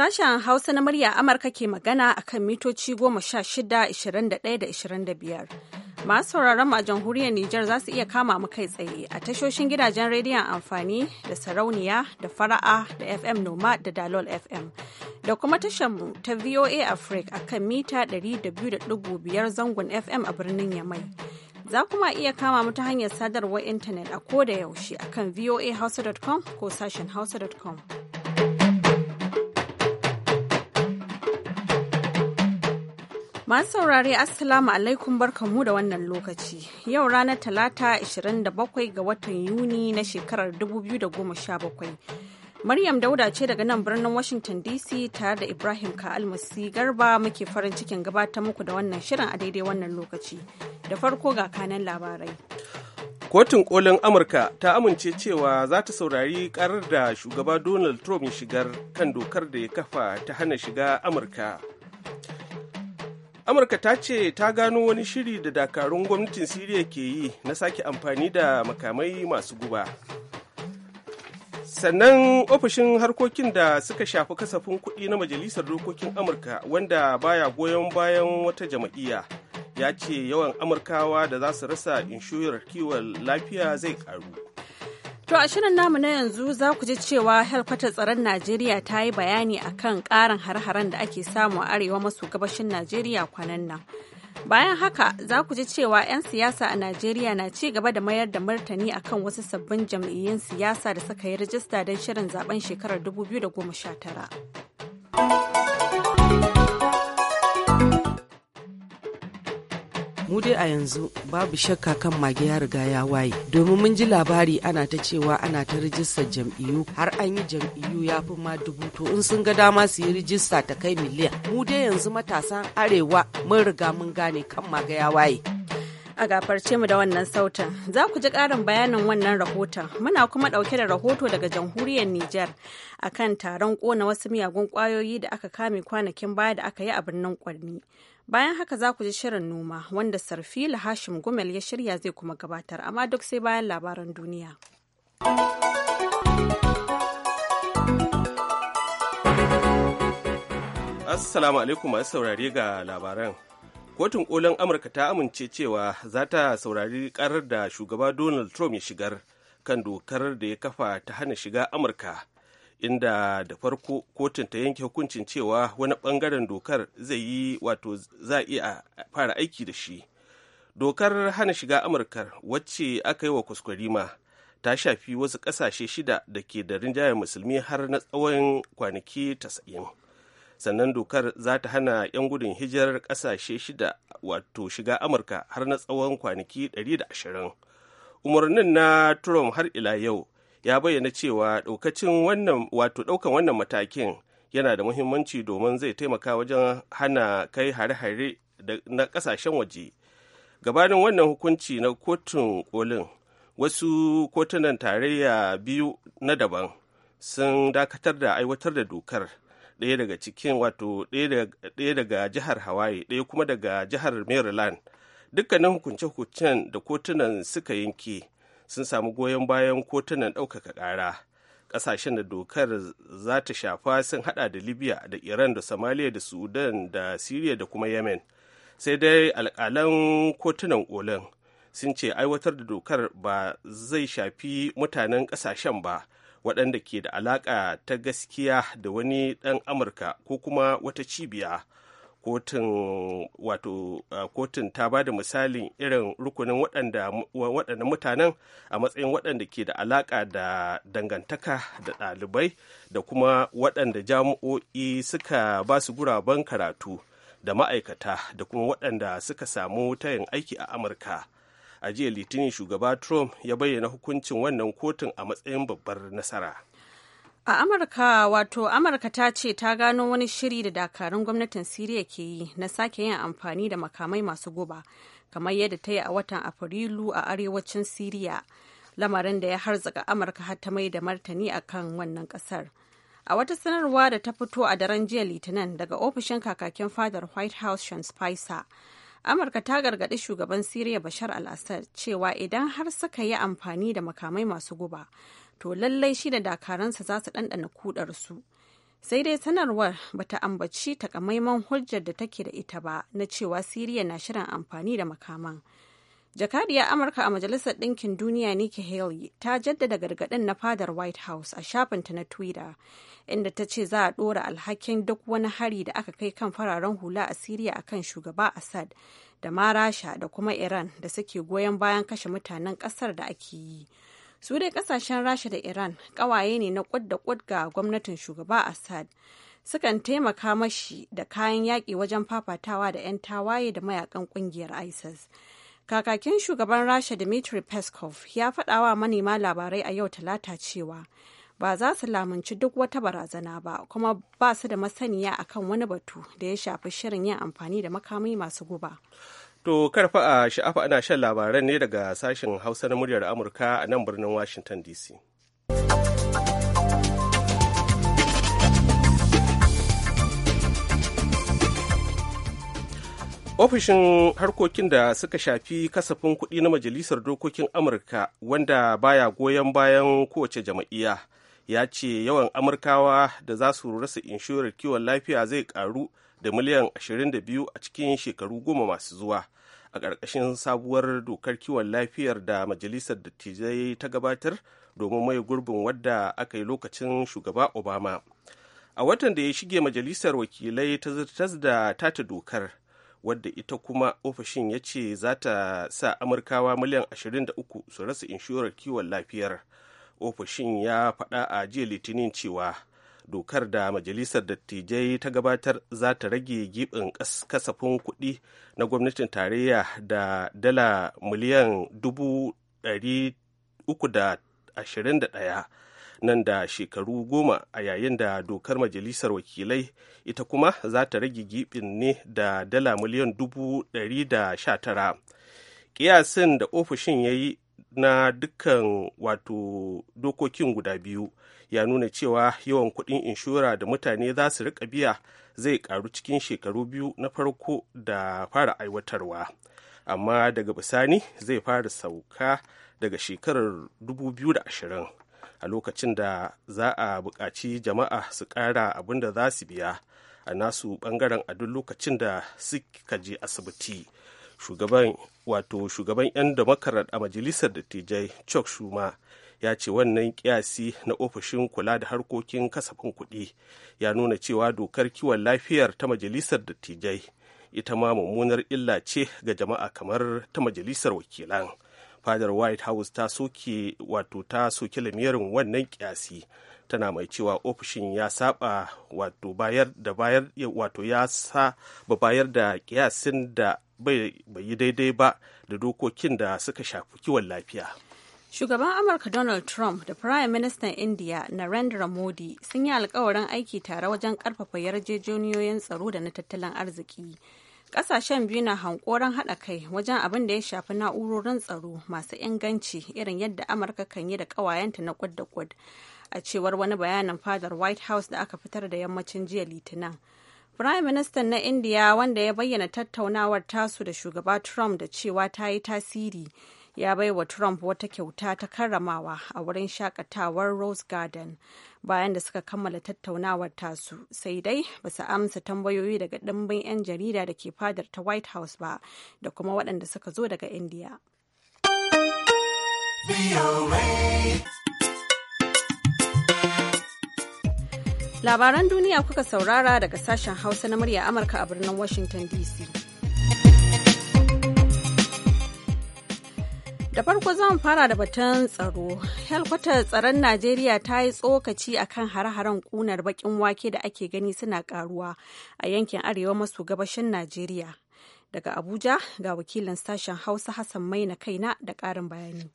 Sashen Hausa na murya Amurka ke magana a kan mitoci goma sha shida, ishirin da da ishirin biyar. Masu sauraron mu a jamhuriyar Nijar za su iya kama mu kai tsaye a tashoshin gidajen rediyon amfani da sarauniya da fara'a da FM Noma da Dalol FM. Da kuma tashar mu ta VOA Africa a kan mita 200.5 zangon FM a birnin Yamai. Za kuma iya kama mu ta hanyar sadarwar intanet a koda yaushe a kan voahausa.com ko sashen hausa.com. Masu saurare Assalamu alaikum barkanmu da wannan lokaci. Yau ranar Talata 27 ga watan Yuni na shekarar 2017. Maryam Dauda ce daga nan birnin Washington DC tare da Ibrahim Ka'almasi Garba muke farin cikin gabatar muku da wannan shirin a daidai wannan lokaci. Da farko ga kanan labarai. Kotun kolin Amurka ta amince cewa za ta saurari karar da shugaba Donald Trump shigar kan dokar da ya kafa ta hana shiga Amurka. amurka ta ce ta gano wani shiri da dakarun gwamnatin siriya ke yi na sake amfani da makamai masu guba sannan ofishin harkokin da suka shafi kasafin kuɗi na majalisar dokokin amurka wanda baya goyon bayan wata jama'iyya ya ce yawan amurkawa da za su rasa inshurar kiwon lafiya zai ƙaru To a shirin namu na yanzu za ku ji cewa helkwatar tsaron Najeriya ta yi bayani a kan ƙarin har-haren da ake samu a arewa maso gabashin Najeriya kwanan nan. Bayan haka za ku ji cewa 'yan siyasa a Najeriya na ci gaba da mayar da martani a kan wasu sabbin jam'iyyun siyasa da suka yi rajista don shirin zaben shekarar 2019. dai a yanzu babu shakka kan mage ya riga ya waye domin mun ji labari ana ta cewa ana ta rijistar jam'iyyu har an yi jam'iyyu ya fi ma dubu to in sun ga dama su yi rijista ta kai miliyan mu dai yanzu matasan arewa mun riga mun gane kan mage ya waye a gafarce mu da wannan sautin. Za ku ji ƙarin bayanin wannan rahoton. Muna kuma ɗauke da rahoto daga jamhuriyar Nijar akan taron kona wasu miyagun ƙwayoyi da aka kame kwanakin baya da aka yi a birnin Kwarni. Bayan haka za ku ji shirin noma wanda Sarfila Hashim Gumel ya shirya zai kuma gabatar, amma duk sai bayan labaran duniya. Assalamu alaikum masu saurari ga labaran. Kotun kolin Amurka ta amince cewa za ta saurari karar da shugaba Donald Trump ya shigar kan dokar da ya kafa ta hana shiga Amurka inda da farko kotun ta yanke hukuncin cewa wani bangaren dokar zai yi wato za a iya fara aiki da shi dokar hana shiga amurka wacce aka yi wa kuskurima ta shafi wasu ƙasashe shida da ke da rinjayar musulmi har na tsawon kwanaki 90 sannan dokar za ta hana 'yan gudun hijirar ƙasashe shida wato shiga amurka har na tsawon kwanaki 120 umarnin na trump har ila yau ya bayyana cewa ɗaukacin wannan wato ɗaukan wannan matakin yana da muhimmanci domin zai taimaka wajen hana kai hare-hare na ƙasashen waje gabanin wannan hukunci na kotun kolin wasu kotunan tarayya biyu na daban sun dakatar da aiwatar da dokar ɗaya daga cikin wato ɗaya daga jihar hawaii ɗaya kuma daga jihar maryland dukkanin hukunce-hukuncen da kotunan suka yanke sun samu goyon bayan kotunan ɗaukaka ƙara ƙasashen da dokar za ta shafa sun hada da libya da iran da somalia da sudan da syria da kuma yemen sai dai alƙalan kotunan olin sun ce aiwatar da dokar ba zai shafi mutanen ƙasashen ba waɗanda ke da alaƙa ta gaskiya da wani ɗan amurka ko kuma wata cibiya kotun wato kotun ta ba da misalin irin rukunin waɗanda mutanen a matsayin waɗanda ke da alaƙa da dangantaka da ɗalibai da kuma waɗanda jami'o'i suka ba su guraben karatu da ma'aikata da kuma waɗanda suka samu tayin aiki a amurka a jiya litinin shugaba trump ya bayyana hukuncin wannan kotun a matsayin babbar nasara A Amurka wato Amurka ta ce ta gano wani shiri da dakarun gwamnatin Siriya ke yi na sake yin amfani da makamai masu guba kamar yadda ta yi a watan Afrilu a arewacin Siriya lamarin da ya harzaka Amurka har ta mai da martani kan wannan ƙasar, A wata sanarwa da ta fito a daren jiya Litinin daga ofishin kakakin fadar White House Sean Spicer amurka ta gargaɗi shugaban siriya bashar al-assad cewa idan har suka yi amfani da makamai masu guba to lallai shi da dakaransa za su ɗanɗana su Sai dai sanarwar bata ambaci takamaiman hujjar da take da ita ba na cewa Siriya na shirin amfani da makaman. Jakadiyar Amurka a Majalisar Ɗinkin Duniya Nikki Haley ta jaddada gargaɗin na fadar White House a shafinta na Twitter, inda ta ce za a ɗora alhakin duk wani hari da aka kai kan fararen hula a Siriya a kan shugaba Assad da ma Rasha da kuma Iran da suke goyon bayan kashe mutanen ƙasar da ake yi. su dai kasashen rasha da iran kawaye ne na ƙudda da kwad ga gwamnatin shugaba assad sukan taimaka mashi da kayan yaƙi wajen fafatawa da 'yan tawaye da mayakan ƙungiyar isis kakakin shugaban rasha dmitry peskov ya faɗawa manema labarai a yau talata cewa ba za su lamunci duk wata barazana ba kuma ba su da masaniya akan wani batu da ya shafi shirin yin amfani da makami masu guba To karfa a sha'afa ana shan labaran ne daga sashen Hausa na muryar Amurka a nan birnin Washington DC. Ofishin harkokin da suka shafi kasafin kuɗi na Majalisar Dokokin Amurka wanda baya goyon bayan kowace jama'iyya ya ce yawan Amurkawa da za su rasa inshorar kiwon lafiya zai ƙaru da miliyan 22 a cikin shekaru goma masu zuwa a ƙarƙashin sabuwar dokar kiwon lafiyar da majalisar dattijai ta gabatar domin mai gurbin wadda aka yi lokacin shugaba obama a watan da ya shige majalisar wakilai ta zartas da tata dokar wadda ita kuma ofishin ya ce za ta sa amurkawa miliyan 23 su rasa inshorar kiwon lafiyar ofishin ya faɗa a jiya litinin cewa dokar da majalisar dattijai ta gabatar za ta rage gibin kasafin kuɗi na gwamnatin tarayya da dala miliyan ɗaya nan da shekaru goma a yayin da dokar majalisar wakilai ita kuma za ta rage gibin ne da dala miliyan 119 kiyasin da ofishin ya yi na dukkan wato dokokin guda biyu ya nuna cewa yawan kuɗin inshora da mutane za su riƙa biya zai ƙaru cikin shekaru biyu na farko da fara aiwatarwa amma daga bisani zai fara sauka daga shekarar 2020 a lokacin da za a buƙaci jama'a su ƙara abin da za su biya a nasu ɓangaren a duk lokacin da suka je asibiti shugaban wato shugaban 'yan da a majalisar dattijai chuck shuma ya ce wannan kiyasi na ofishin kula da harkokin kasafin kuɗi ya nuna cewa dokar kiwon lafiyar ta majalisar dattijai ita ma mummunar illa ce ga jama'a kamar ta majalisar wakilan fadar white house ta soke wato ta soke lamirin wannan kiyasi tana mai cewa ofishin ya saba wato bayar da bayar wato ya sa ba bayar da kiyasin da bai yi daidai ba da dokokin da suka shafi kiwon lafiya Shugaban Amurka Donald Trump da Prime Minister India Narendra Modi sun yi alkawarin aiki tare wajen karfafa yarjejeniyoyin tsaro da na tattalin arziki. Kasashen biyu na hankoron haɗa kai wajen abin da ya shafi na'urorin tsaro masu inganci irin yadda Amurka kan yi da ƙawayenta na kwad da kud. A cewar wani bayanin fadar White House da aka fitar da yammacin jiya Litinin. Prime Minister na India wanda ya bayyana tattaunawar tasu da shugaba Trump da cewa ta yi tasiri. ya bai wa Trump wata kyauta ta karramawa a wurin shakatawar Rose Garden bayan da suka kammala tattaunawar tasu sai dai ba su amsa tambayoyi daga ɗimbin 'yan jarida da ke fadar ta White House ba da kuma waɗanda suka zo daga India. Labaran duniya kuka saurara daga sashen Hausa na murya Amurka a birnin Washington DC. Da farko zan fara da batun tsaro. Helkwatar tsaron Najeriya ta yi tsokaci a kan hare-haren kunar bakin wake da ake gani suna karuwa a yankin arewa maso gabashin Najeriya. Daga Abuja ga wakilin sashen Hausa Hassan Maina kaina da karin bayani.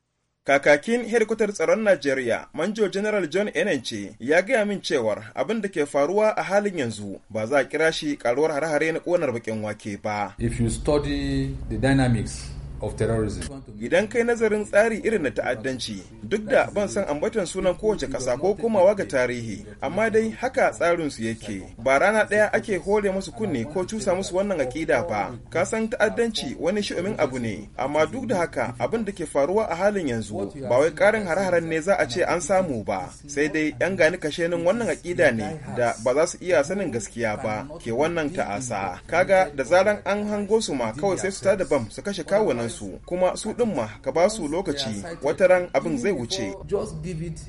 Kakakin helkwatar tsaron Najeriya, Manjo General John Enenche, ya gaya min cewar abin da ke faruwa a halin yanzu ba za a kira shi karuwar hare-hare na kunar bakin wake ba. If you study the dynamics of terrorism. Idan kai nazarin tsari irin na ta'addanci duk da ban san ambaton sunan kowace kasa ko komawa ga tarihi amma dai haka tsarin su yake ba rana ɗaya ake hore musu kunne ko cusa musu wannan aƙida ba ka san ta'addanci wani shi'umin abu ne amma duk da haka abin da ke faruwa a halin yanzu ba wai karin hare-haren ne za a ce an samu ba sai dai yan gani kashenin wannan aƙida ne da ba za su iya sanin gaskiya ba ke wannan ta'asa kaga da zaran an hango su ma kawai sai su tada bam su kashe kawunan kansu kuma su ɗin ma ka ba su lokaci ran abin zai wuce. Just give it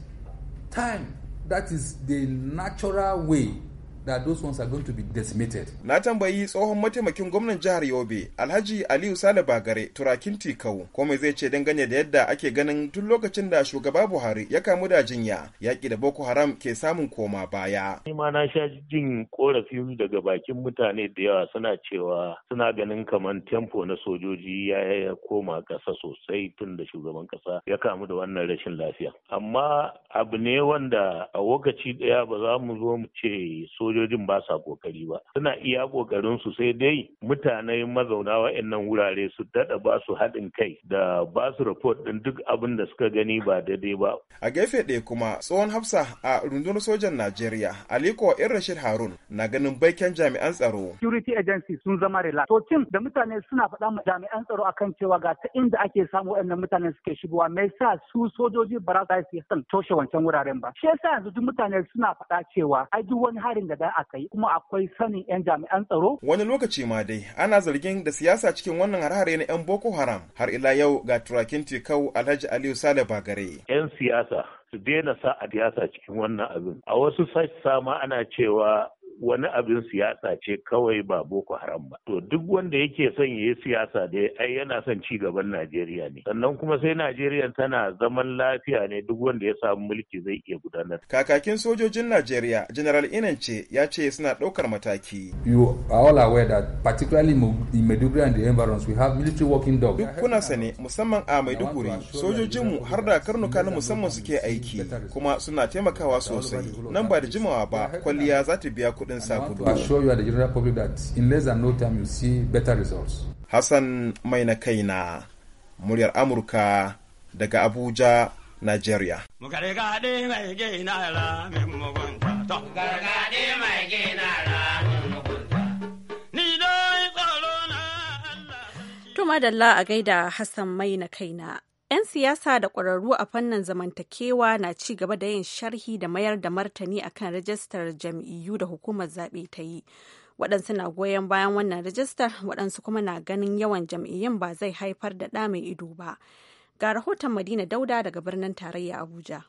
time. That is the natural way that those ones are going to be decimated. Na tambayi tsohon mataimakin gwamnan jihar Yobe, Alhaji Aliyu Sale Bagare, Turakin Tikau, ko mai zai ce dangane da yadda ake ganin tun lokacin da shugaba Buhari ya kamu da jinya, yaƙi da Boko Haram ke samun koma baya. Ni ma na sha jin korafin daga bakin mutane da yawa suna cewa suna ganin kamar tempo na sojoji ya koma ƙasa sosai tun da shugaban ƙasa ya kamu da wannan rashin lafiya. Amma abu ne wanda a lokaci ɗaya ba za mu zo mu ce sojoji sojojin ba sa kokari ba suna iya kokarin su sai dai mutane mazauna wa'annan wurare su dada ba su haɗin kai da ba su report din duk abin da suka gani ba daidai ba a gefe ɗaya kuma tsohon hafsa a rundunar sojan Najeriya Aliko Ir Rashid Harun na ganin baiken jami'an tsaro security agency sun zama relax to tim da mutane suna faɗa ma jami'an tsaro akan cewa ga ta inda ake samu wa'annan mutane suke shigowa me yasa su sojoji ba za su yi toshe wancan wuraren ba shi yasa yanzu duk mutane suna faɗa cewa ai duk wani harin da idan aka yi kuma akwai sanin 'yan jami'an tsaro. Wani lokaci ma dai ana zargin da siyasa cikin wannan harare na 'yan Boko Haram har ila yau ga turakin tikau Alhaji Aliyu Sale Bagare. 'Yan siyasa su daina sa a siyasa cikin wannan abin. A wasu sassa ma ana cewa wani abin siyasa ce kawai ba boko haram ba to duk wanda yake son yayi siyasa dai ai yana son ci gaban Najeriya ne sannan kuma sai Najeriya tana zaman lafiya ne duk wanda ya samu mulki zai iya gudanar kakakin sojojin Najeriya General Inance ya ce suna ɗaukar mataki you are all aware that particularly in Maiduguri and the environs we have military working dogs duk kuna sani musamman a Maiduguri sojojinmu har da karnuka na musamman suke aiki kuma suna taimakawa sosai nan ba da jimawa ba kwalliya za ta biya kuɗi kuɗin sabulu. I assure you the general public that in less than no time you see better results. Hassan mai na kaina muryar Amurka daga Abuja, Nigeria. Gargaɗi mai To madalla a gaida Hassan mai na kaina. 'Yan siyasa da ƙwararru a fannin zamantakewa na ci gaba da yin sharhi da mayar da martani akan rajistar jam'iyyu da hukumar zaɓe ta yi. Waɗansu na goyon bayan wannan rajistar, waɗansu kuma na ganin yawan jam'iyyun ba zai haifar da ɗa mai ido ba. Ga rahoton Madina Dauda daga birnin tarayya Abuja.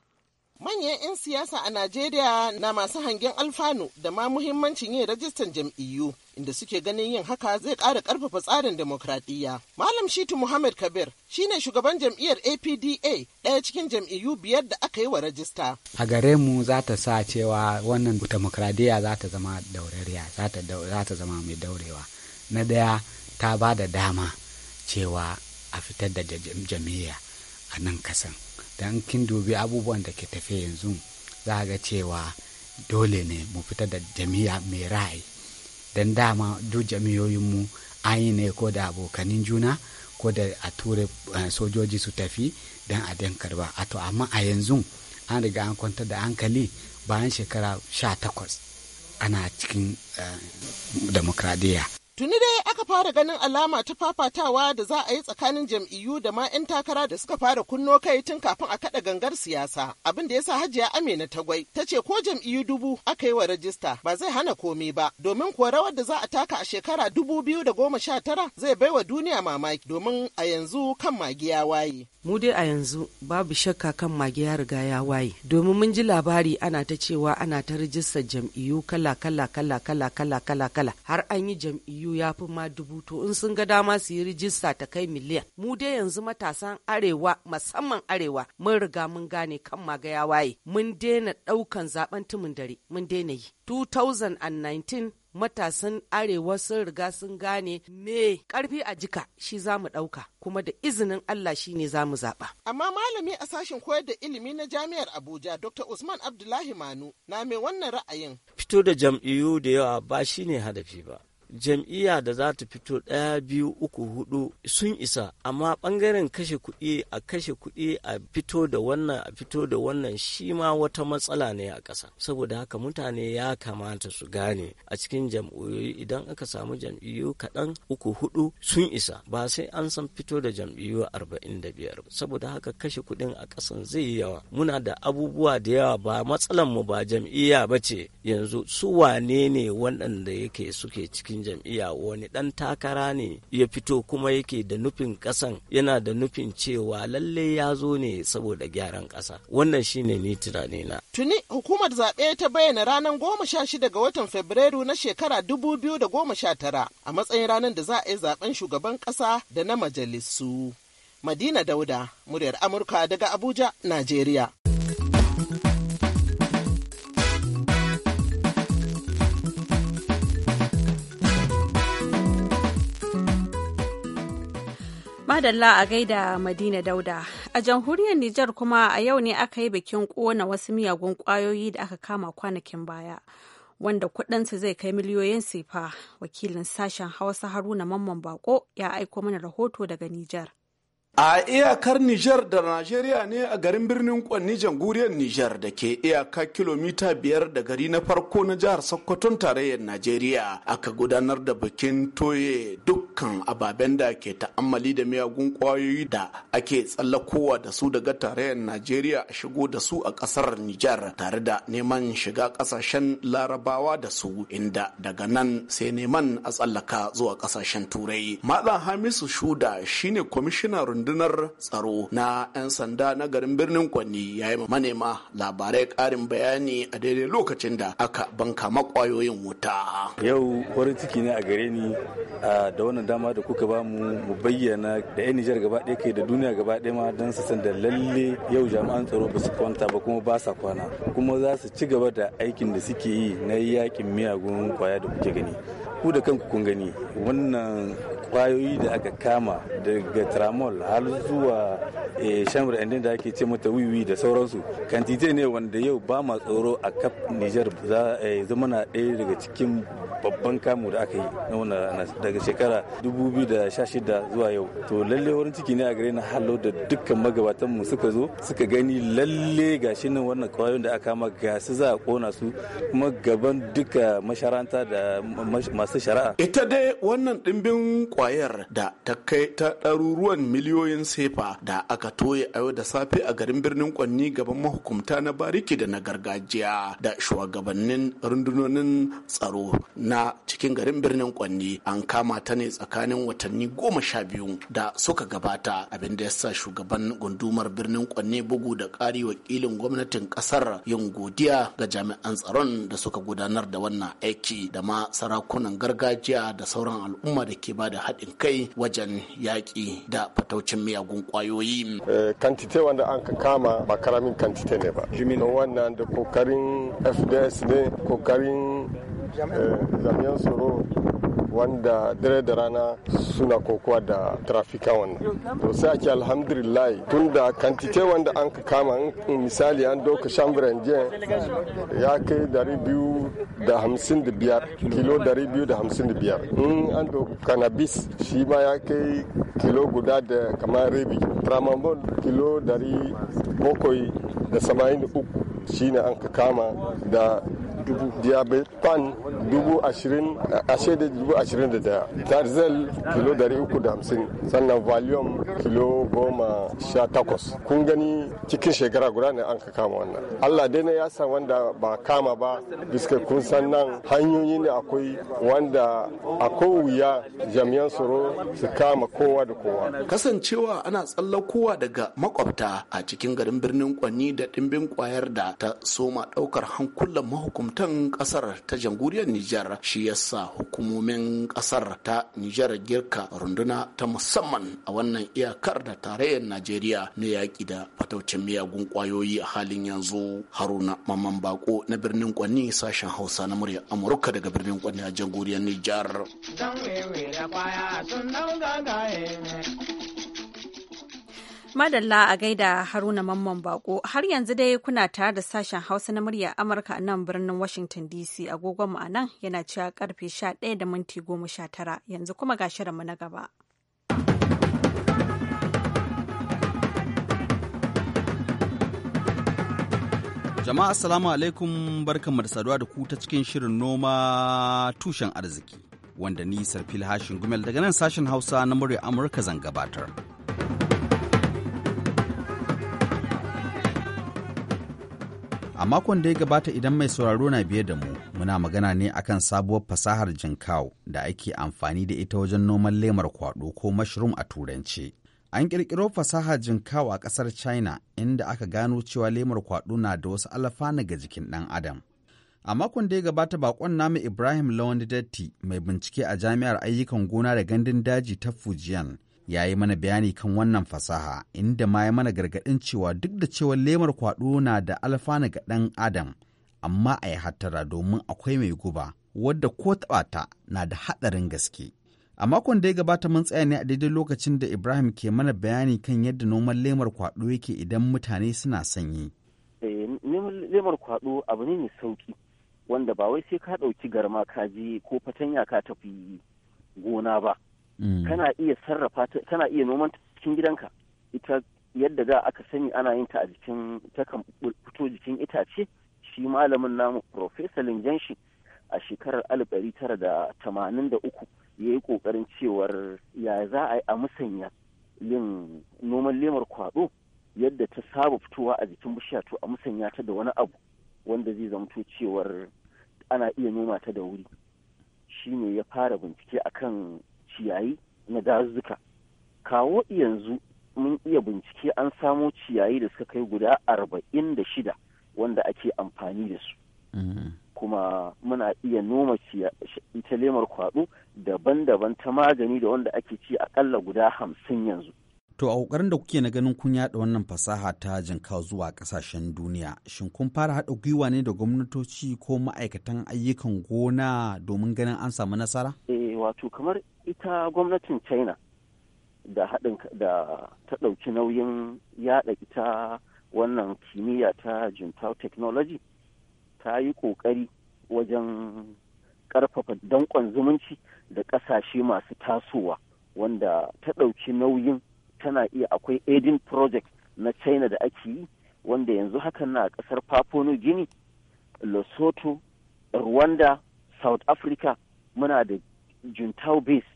Manyan 'yan siyasa a Najeriya na masu hangen alfanu da ma muhimmancin yin rajistan jam'iyyu inda suke ganin yin haka zai ƙara ƙarfafa tsarin demokradiyya. Malam Shitu Muhammad Kabir shine shugaban jam'iyyar APDA ɗaya cikin jam'iyyu biyar da aka yi wa rajista. A gare mu za ta sa cewa wannan demokradiyya za ta zama daurariya za ta zama mai daurewa. Na ɗaya ta ba da dama cewa a fitar da jam'iyya a nan kasan. don kin dubi abubuwan da ke tafe yanzu za ga cewa dole ne mu fita da jami'a mai ra'ayi don dama duk jami'oyinmu an yi ne ko da abokanin juna ko da a ture eh, sojoji su tafi don a den ba a to amma a yanzu an riga an kwanta da hankali bayan shekara sha takwas ana cikin eh, demokradiyya Tuni dai aka fara ganin alama ta fafatawa da za a yi tsakanin jam'iyyu da ma 'yan takara da suka fara kunno kai tun kafin a kada gangar siyasa. Abin da ya sa Hajiya Amina ta gwai. ta ce ko jam'iyyu dubu aka yi wa rajista ba zai hana komai ba domin kuwa rawar da za a taka a shekara dubu biyu da goma sha tara zai baiwa duniya mamaki domin a yanzu kan magiya waye. mu dai a yanzu babu shakka kan mage ya riga ya waye domin mun ji labari ana ta cewa ana ta rijistar jam'iyyu kala kala kala kala kala kala kala har an yi jam'iyyu ya fi ma dubu to in sun ga dama su yi rijista ta kai miliyan mu dai yanzu matasan arewa musamman arewa mun riga mun gane kan mage ya waye mun daina ɗaukan zaben tumin dare mun daina yi 2019 matasan arewa sun riga sun gane me karfi a jika shi za mu ɗauka kuma da izinin Allah shi ne za mu zaɓa. Amma malami a sashen koyar da ilimi na jami'ar Abuja Dr. Usman Abdullahi Manu na mai wannan ra'ayin. Fito da jam'iyyu da yawa ba shi ne hadafi ba. jam'iyya da za ta fito ɗaya biyu uku hudu sun isa amma ɓangaren kashe kuɗi a kashe kuɗi a fito da wannan a fito da wannan shi ma wata matsala ne a ƙasa saboda haka mutane ya kamata su gane a cikin jam'iyyoyi idan aka samu jam'iyyu kaɗan uku hudu sun isa ba sai an san fito da jam'iyyu arba'in da biyar saboda haka kashe kuɗin a ƙasan zai yi yawa muna da abubuwa da yawa ba matsalan mu ba jam'iyya ba ce yanzu su wane ne waɗanda yake suke cikin cikin jam'iyya wani ɗan takara ne ya fito kuma yake da nufin ƙasan yana da nufin cewa lalle ya zo ne saboda gyaran ƙasa wannan shine ni tunani na. Tuni hukumar zaɓe ta bayyana ranar goma sha shida ga watan Fabrairu na shekara dubu biyu da goma sha tara a matsayin ranar da za a yi zaɓen shugaban ƙasa da na majalisu. Madina Dauda, muryar Amurka daga Abuja, Najeriya. Madalla a gaida Madina Dauda. A jamhuriyar Nijar kuma a yau ne aka yi bikin kona wasu miyagun kwayoyi da aka kama kwanakin baya, wanda kuɗinsu zai kai miliyoyin sifa. Wakilin sashen Hausa Haruna Mamman Bako ya aiko mana rahoto daga Nijar. a iyakar Nijar da Najeriya ne a garin birnin Kwanni janguriyar Nijar da ke iyaka kilomita biyar da gari na farko na jihar Sokoton tarayyar Najeriya aka gudanar da bikin toye dukkan ababen da ke ta'ammali da miyagun kwayoyi da ake tsallakowa da su daga tarayyar Najeriya a shigo da su a kasar Nijar tare da neman shiga kasashen larabawa da su inda daga nan sai neman a tsallaka zuwa kasashen turai. Malam Hamisu Shuda shine kwamishinan rundunar tsaro na 'yan sanda na garin birnin Kwanni ya yi manema labarai karin bayani a daidai lokacin da aka banka makwayoyin wuta. Yau farin ciki ne a gare ni da wannan dama da kuka ba mu mu bayyana da 'yan Nijar gaba ɗaya kai da duniya gaba ɗaya ma don su san da lalle yau jami'an tsaro ba su kwanta ba kuma ba sa kwana kuma za su ci gaba da aikin da suke yi na yakin miyagun kwaya da kuke gani. ku da kanku kun gani wannan kwayoyi da aka kama daga tramol har zuwa eh, shamar inda da ake ce mata wiwi da sauransu kantite ne wanda yau ba ma tsoro a kaf niger za eh, zama na ɗaya daga cikin babban kamu da aka yi na wannan daga shekara 2016 zuwa yau to lalle wurin ciki ne a gare na hallo da dukkan magabatan mu suka zo suka gani lalle gashi nan wannan kwayoyin da aka ma ga su za a kona su kuma gaban duka masharanta da masu shari'a ita dai wannan dimbin kwayar da ta kai ta ɗaruruwan miliyoyin sefa da aka toye a yau da safe a garin birnin kwanni gaban mahukumta na bariki da na gargajiya da shugabannin rundunonin tsaro na cikin garin birnin Kwanni an kama ta ne tsakanin watanni goma sha biyu da suka gabata abin da ya sa shugaban gundumar birnin Kwanni bugu da ƙari wakilin gwamnatin ƙasar yin godiya ga jami'an tsaron da suka gudanar da wannan aiki da ma sarakunan gargajiya da sauran al'umma da ke ba da haɗin kai wajen yaƙi da fataucin miyagun ƙwayoyi. Eh, kantite wanda an kama ba karamin kantite ne ba. wannan da kokarin FDS ne kokarin Eh, jami'an tsaro wanda dare da rana suna kokowa da trafika wannan to sai ake alhamdulillah tun da kantite wanda an ka kama misali an doka shambiran jiyan ya kai dari biyu da hamsin da biyar kilo dari biyu da hamsin da biyar in an doka cannabis shi ma ya kai kilo guda da kamar rabi tramambol kilo dari bakwai da samanin uku ne an ka kama da dubu pan dubu ashirin ashe da dubu ashirin da daya tarzel kilo dari uku da hamsin sannan volume kilo goma sha takwas kun gani cikin shekara guda ne an ka kama wannan allah dai na ya wanda ba kama ba biske kun san nan hanyoyi ne akwai wanda akwai wuya jami'an tsaro su kama kowa da kowa kasancewa ana tsallakowa daga makwabta a cikin garin birnin kwanni da dimbin kwayar da ta soma daukar hankulan mahukumta mahukuntan kasar ta jamhuriyar Nijar shi yasa hukumomin kasar ta Nijar girka runduna ta musamman a wannan iyakar da tarayyar Najeriya na yaƙi da fataucin miyagun ƙwayoyi a halin yanzu Haruna Maman Bako na birnin Kwanni sashen Hausa na murya Amurka daga birnin Kwanni a jamhuriyar Nijar. Madalla a gaida Haruna Mamman Bako har yanzu dai kuna tare da sashen Hausa na murya Amurka a nan birnin Washington DC agogon mu a nan yana cewa karfe 11 da minti 19 yanzu kuma ga shirinmu na gaba. Jama'a assalamu alaikum barkanmu da saduwa da ku ta cikin shirin noma tushen arziki wanda ni Sarfil Hashin Gumel daga nan sashen Hausa na murya Amurka zan gabatar. makon da ya gabata idan mai sauraro na biye da mu muna magana ne akan sabuwar fasahar jinkau da ake amfani da ita wajen noman lemar kwado ko mushroom a turanci an ƙirƙiro fasahar jinkau a ƙasar china inda aka gano cewa lemar kwado na da wasu alfana ga jikin ɗan adam a makon da ya gabata bakon namu ibrahim lawan datti mai bincike a jami'ar ayyukan gona da gandun daji ta fujian ya yi mana bayani kan wannan fasaha inda ma ya mana gargaɗin cewa duk da cewa lemar kwaɗo na da alfana ga ɗan adam amma a yi hattara domin akwai mai guba wadda ko taɓa na da haɗarin gaske a makon da ya gabata mun tsaya ne a daidai lokacin da ibrahim ke mana bayani kan yadda noman lemar kwaɗo yake idan mutane suna sanyi eh, lemar kwaɗo abu ne mai sauki wanda ba wai sai ka ɗauki garma ka je ko fatanya ka tafi gona ba Mm. kana iya sarrafa ta kana iya noman ta cikin gidanka ita yadda da aka sani ana yin ta a jikin takan fito jikin itace shi malamin namu professor linjanshi a shekarar alif tara da da tamanin uku ya yi kokarin cewar ya za a yi a musanya yin noman lemar kwaɗo yadda ta saba fitowa a jikin bishiya to a musanya ta da wani abu wanda zai zamto cewar ana iya noma ta da wuri shi ne ya fara bincike akan ciyayi na dazuka kawo yanzu mun iya bincike an samo ciyayi da suka kai guda arba'in da shida wanda ake amfani da su mm-hmm. kuma muna iya noma ita lemar kwaɗo daban-daban ta magani da wanda ake ci akalla guda hamsin yanzu To a ƙoƙarin da kuke na ganin kun yaɗa wannan fasaha ta jinka zuwa ƙasashen duniya, shin kun fara haɗa gwiwa ne da gwamnatoci ko ma'aikatan ayyukan gona domin ganin an samu nasara? Eh wato kamar ta gwamnatin china da haɗin da ta ɗauki nauyin yaɗa ita wannan kimiyya ta jintao technology ta yi ƙoƙari wajen ƙarfafa danƙon zumunci da ƙasashe masu tasowa wanda ta ɗauki nauyin tana iya akwai aidin project na china da ake yi wanda yanzu hakan na ƙasar papua gini lesotho rwanda south africa muna da juntao base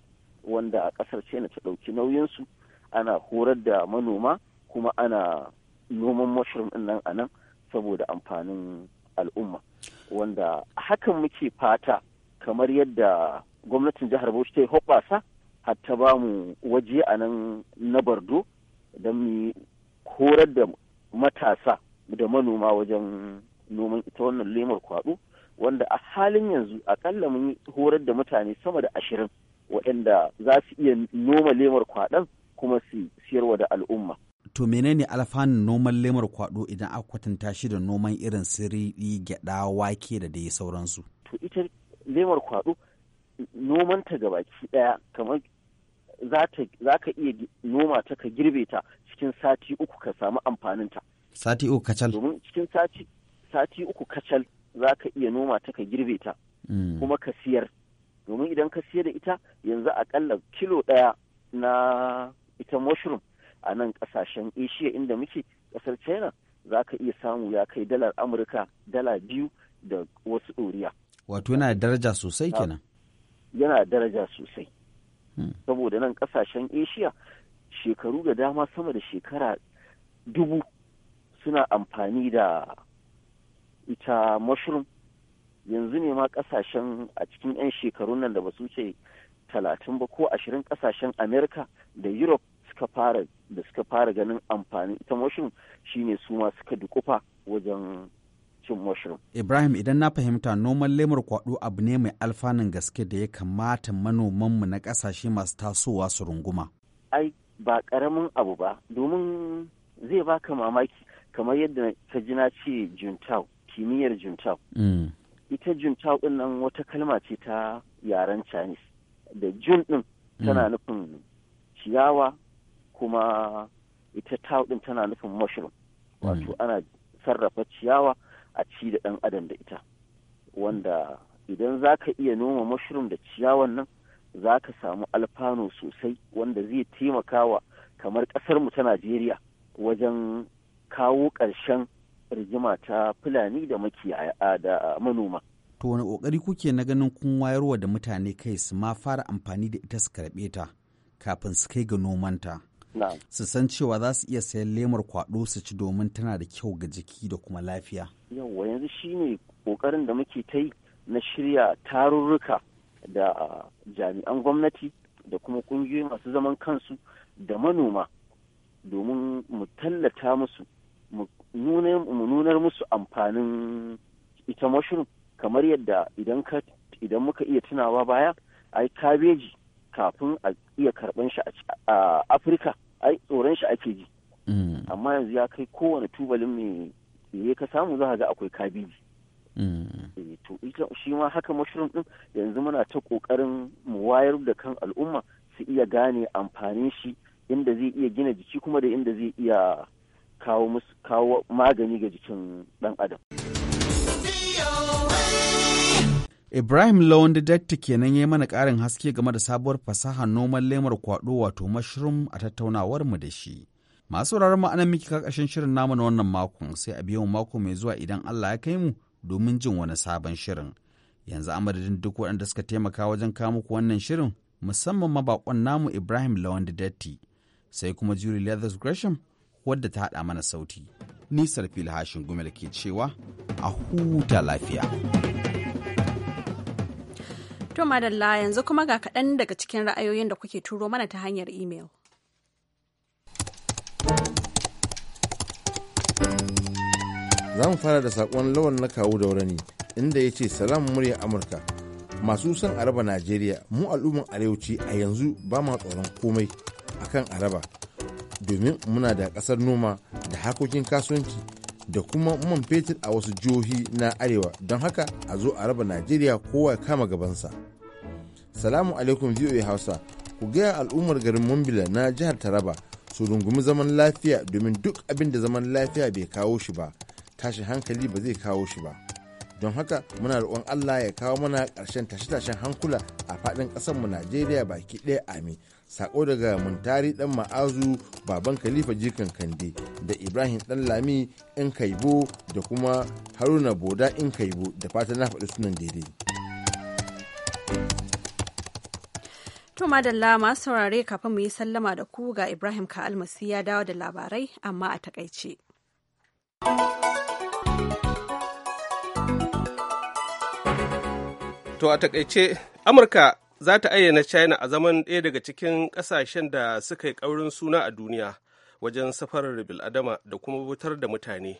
wanda a kasar china ta ɗauki nauyinsu ana horar da manoma kuma ana noman mushroom din nan a saboda amfanin al'umma wanda hakan muke fata kamar yadda gwamnatin jihar bauchi ta yi hoɓasa ta ba mu waje a nan na bardo don mu horar da matasa da manoma wajen noman ita wannan lemar kwaɗo wanda a halin yanzu akalla mun horar da mutane sama da ashirin waɗanda za su iya noma lemar kwaɗon kuma su siyarwa da al'umma. To menene alfanun noman lemar kwaɗo idan aka kwatanta shi da noman irin siriri, gyaɗa, wake da dai sauransu? To ita lemar kwaɗo nomanta ga baki ɗaya kamar za ka iya noma ta ka girbe ta cikin sati uku ka samu amfaninta. Sati uku kacal? Domin cikin sati uku kacal za ka iya noma ta ka girbe ta mm. kuma ka siyar domin idan ka siyar da ita yanzu akalla kilo ɗaya na ita mushroom a nan ƙasashen asia inda muke ƙasar china za ka iya samu ya kai dalar amurka dala biyu da wasu ɗoriya wato yana daraja sosai kenan yana daraja sosai hmm. saboda nan ƙasashen asia shekaru da dama sama da shekara dubu suna amfani da ita mushroom yanzu ne ma kasashen a cikin 'yan shekarun nan da ba su ce talatin ba ko ashirin kasashen amerika da europe suka fara da suka fara ganin amfani ta mushroom shine su ma suka dukufa wajen cin mushroom. Ibrahim idan na fahimta noman lemur kwado abu ne mai alfanun gaske da ya kamata manoman mu na kasashe masu tasowa su runguma. Ai ba karamin abu ba domin zai baka mamaki kamar yadda ta ji na ce juntau kimiyyar juntau. Mm. ita jintao din nan wata kalma ce ta yaren chinese da jun ɗin tana hmm. nufin ciyawa kuma ita tau din tana nufin mushroom hmm. wato ana sarrafa ciyawa a ci da ɗan adam da ita wanda idan za ka iya noma mushroom da ciyawan nan za ka samu alfano sosai wanda zai taimakawa kamar ƙasarmu ta najeriya wajen kawo ƙarshen rigima ta fulani da makiyaya da manoma to wani kokari kuke na ganin kun wayarwa da mutane kai su ma fara amfani da ita su karbe ta kafin su kai ga nomanta su san cewa za su iya sayan lemar kwaɗo su ci domin tana da kyau ga jiki da kuma lafiya yawwa yanzu ne ƙoƙarin da muke ta yi na shirya tarurruka da jami'an gwamnati da kuma ƙungiyoyi masu zaman kansu da manoma domin mu tallata musu mu nunar musu amfanin ita mushroom kamar yadda idan ka idan muka iya tunawa baya ai kabeji kafin a iya karban shi a afirka ai tsoron shi ake ji mm. amma yanzu ya kai kowane tubalin mai ya ka samu za ga akwai kabeji mm. eh, to ita shi ma haka mushroom din yanzu muna ta kokarin mu wayar da kan al'umma su iya gane amfanin shi inda zai iya gina jiki kuma da inda zai iya kawo kawo magani ga jikin ɗan adam. Ibrahim Lawan datti kenan ya yi mana ƙarin haske game da sabuwar fasahar noman lemar kwaɗo wato mushroom a tattaunawar mu da shi. Masu sauraron mu anan miki kakashin shirin namu na wannan makon sai a biyan mako mai zuwa idan Allah ya kai mu domin jin wani sabon shirin. Yanzu a duk waɗanda suka taimaka wajen kawo muku wannan shirin musamman mabakon namu Ibrahim Lawan datti sai kuma Julie Leathers Gresham wadda ta haɗa mana sauti. Nisar filhashin gumel ke cewa a huta lafiya. To madalla yanzu kuma ga kaɗan daga cikin ra'ayoyin da kuke turo mana ta hanyar imel. Za mu fara da saƙon lawan na kawo da wurani inda ya ce salam murya Amurka. Masu son araba Najeriya mu al'umman arewaci a yanzu ba ma tsoron komai akan araba. domin muna da ƙasar noma da harkokin kasuwanci da kuma man fetur a wasu jihohi na arewa don haka a zo a raba najeriya kowa kama gabansa salamu alaikum voa hausa ku gaya al'ummar garin mumbila na jihar taraba su rungumi zaman lafiya domin duk abin da zaman lafiya bai kawo shi ba tashi hankali ba zai kawo shi ba don haka muna roƙon allah ya kawo mana ƙarshen tashe-tashen hankula a faɗin ƙasarmu najeriya baki ɗaya amin sako daga muntari dan ma'azu baban khalifa jikan kande da ibrahim dan lami in kaibo da kuma haruna boda in kaibo da fata na faɗi sunan daidai to madalla masu saurare kafin mu yi sallama da ku ga ibrahim ka almasi ya dawo da labarai amma a takaice to a takaice amurka za ta ayyana china a zaman ɗaya daga cikin ƙasashen da suka yi ƙaurin suna a duniya wajen safarar bil'adama da kuma wutar da mutane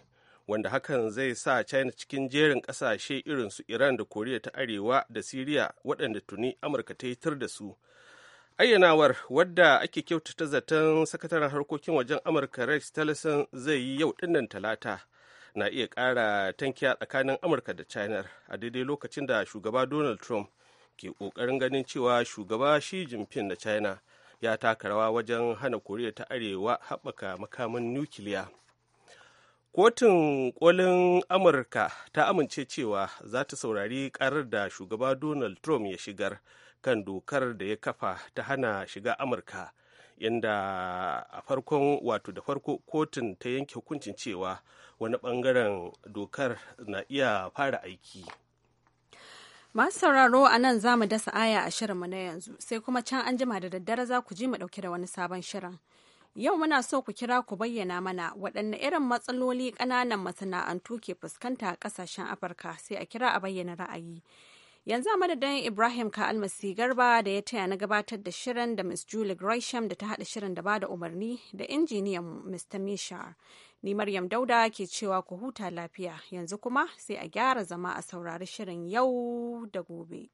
wanda hakan zai sa china cikin jerin ƙasashe irin su iran da koriya ta arewa da siriya waɗanda tuni amurka ta yitar da su ayyanawar wadda ake kyautata zaton sakataren harkokin wajen amurka rex tillerson zai yi yau dinnan talata na iya ƙara tankiya tsakanin amurka da china a daidai lokacin da shugaba donald trump ke ƙoƙarin ganin cewa shugaba shi jinping na china ya taka rawa wajen hana koriya ta arewa haɓaka makamin nukiliya kotun ƙolin amurka ta amince cewa za ta saurari karar da shugaba donald trump ya shigar kan dokar da ya kafa ta hana shiga amurka inda a farkon wato da farko kotun ta yanke hukuncin cewa wani bangaren dokar na iya fara aiki Masu sauraro a nan za mu dasa aya a shirinmu na yanzu, sai kuma can an jima da daddare za ku ji mu ɗauke da wani sabon shirin. Yau muna so ku kira ku bayyana mana waɗanne irin matsaloli ƙananan masana'antu ke fuskanta a ƙasashen Afirka sai a kira a bayyana ra'ayi. yanzu a madadin ibrahim ka almasi garba da ya taya na gabatar da shirin da miss julie gresham da ta haɗa shirin da ba da umarni da injiniyan mr mishar ni maryam dauda ke cewa ku huta lafiya yanzu kuma sai a gyara zama a saurari shirin yau da gobe